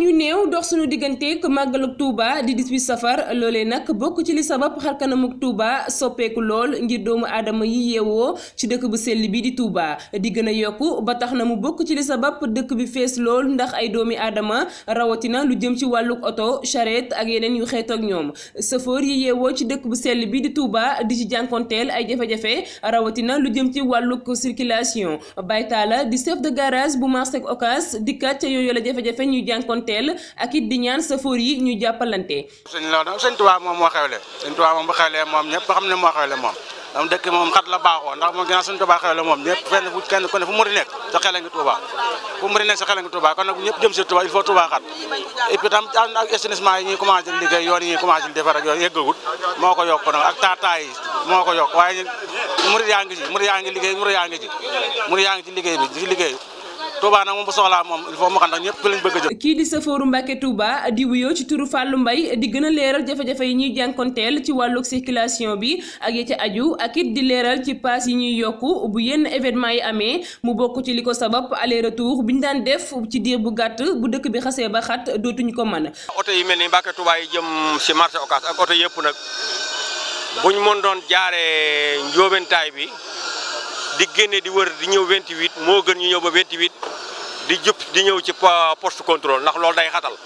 fan yu néew dox suñu digganteeg màggalug Touba di 18 safar loolee nag bokk ci li sabab xarkanamug Touba soppeeku lool ngir doomu aadama yi yeewoo ci dëkk bu sell bi di Touba di gën a yokku ba tax na mu bokk ci li sabab dëkk bi fees lool ndax ay doomi aadama rawatina lu jëm ci wàllug oto charrette ak yeneen yu xeetoog ñoom sëfoor yi yeewoo ci dëkk bu sell bi di Touba di ci jànkonteel ay jafe-jafe rawatina lu jëm ci wàllug circulation baytaala di chef de garage bu marché Ocas dikkat ca yooyu la jafe-jafe ñuy jànkonteel teel ak it di ñaan safoor yi ñu jàppalante. sëñ Lo moom moo xewle sëñ Tuubaa moom bu xewlee moom ñëpp xam ne moo xewle moom dam dëkk moom xat la baaxoo ndax moom ginnaaw sëñ Tuubaa xewle moom ñëpp fenn fu kenn ku fu mu nekk sa xel a fu mu nekk sa xel a ngi Tuubaa kon il faut Tuubaa xat et puis tam ak assainissement liggéey yoon yi ñuy commencé defar ak yooyu yëggagut moo ko yokk nag ak taataay moo ko yokk waaye murid yaa ngi Touba nag moom bu soxlaa moom il faut mu xam ndax ñëpp lañ bëgg a jëm kii di safooru Mbàkke Touba di wuyoo ci turu fàllu mbay di gën a leeral jafe-jafe yi ñuy jànkonteel ci wàllu circulation bi ak ya ca aju ak it di leeral ci paas yi ñuy yokk bu yenn événement yi amee mu bokk ci li ko sabab aller retour bi ñu daan def ci diir bu gàtt bu dëkk bi xasee ba xat dootuñu ko mën oto yi mel ni Mbàkke Touba yi jëm si marché Ocass ak oto yëpp nag buñ mën doon jaaree njóobentaay bi di génne di wër di ñëw 28 moo gën ñu ñëw ba 28 di jub di ñëw ci poste contrôle ndax loolu day xatal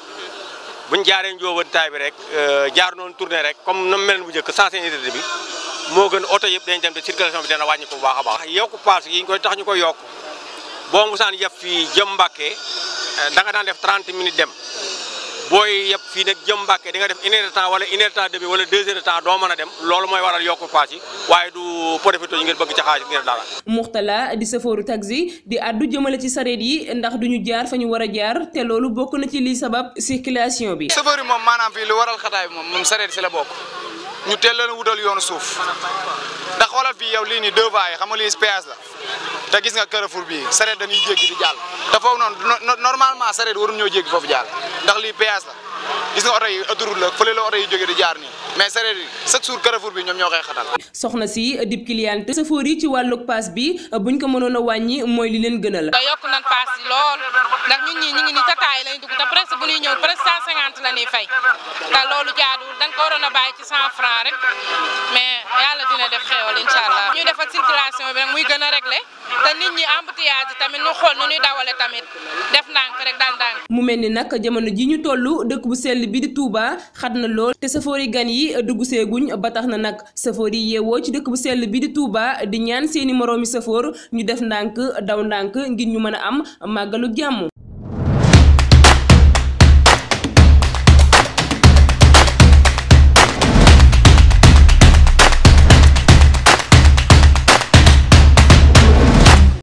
buñ jaaree njóobantaay bi rek euh, jaar noonu tourné rek comme na mel bu jëkk njëkk sensibilité bi moo gën oto yëpp dañ dem te circulation bi dana wàññi ko bu baax a baax yokku paas yi ñu koy tax ñu koy yokk boo musaan yëf fii jëm mbake euh, da nga daan def 30 minutes dem booy yëpp fii nag jëm Mbàkke di nga def une heure de temps wala une heure de temps doo mën a dem loolu mooy waral yokku paas yi waaye du profité yi ngeen bëgg ci xaalis ndax duñu jaar fa ñu war a jaar te loolu bokk na ci li sabab circulation bi. safooru moom maanaam fii lu waral xataay bi moom moom sareet si la bokk ñu teel leen wutal yoonu suuf ndax xoolal fii yow lii nii deux voies yi xam nga lii péage la te gis nga carrefour bii sareet dañuy jéggi di jàll te normalement sareet waruñu ñoo jéggi foofu jaar ndax lii péage la gis nga oto yi autoroute la fële la oto yi jóge di jaar nii mais sareet yi chaque jour carrefour bi ñoom ñoo koy soxna si dib cliente safoor yi ci wàllug paas bi buñ ko mënoon a wàññi mooy li leen gënal. da yokk nañ paas yi lool ndax ñu ngi nii tataay lañ dugg te presque bu ñuy ñëw presque 150 la ñuy fay te loolu jaaduwul dañ ko waroon a bàyyi ci 100 francs rek mais yàlla dina def a te nit ñi embouteillage yi tamit ñu xool nu ñuy dawale tamit def ndànk rek daal mu mel ni nag jamono ji ñu toll dëkk bu sell bi di Touba xat na lool te safoori gan yi dugg seeguñ ba tax na nag safoori yi yeewoo ci dëkk bu sell bi di Touba di ñaan seeni moroomi safoor ñu def ndànk daw ndànk ngir ñu mën a am màggalu jàmm.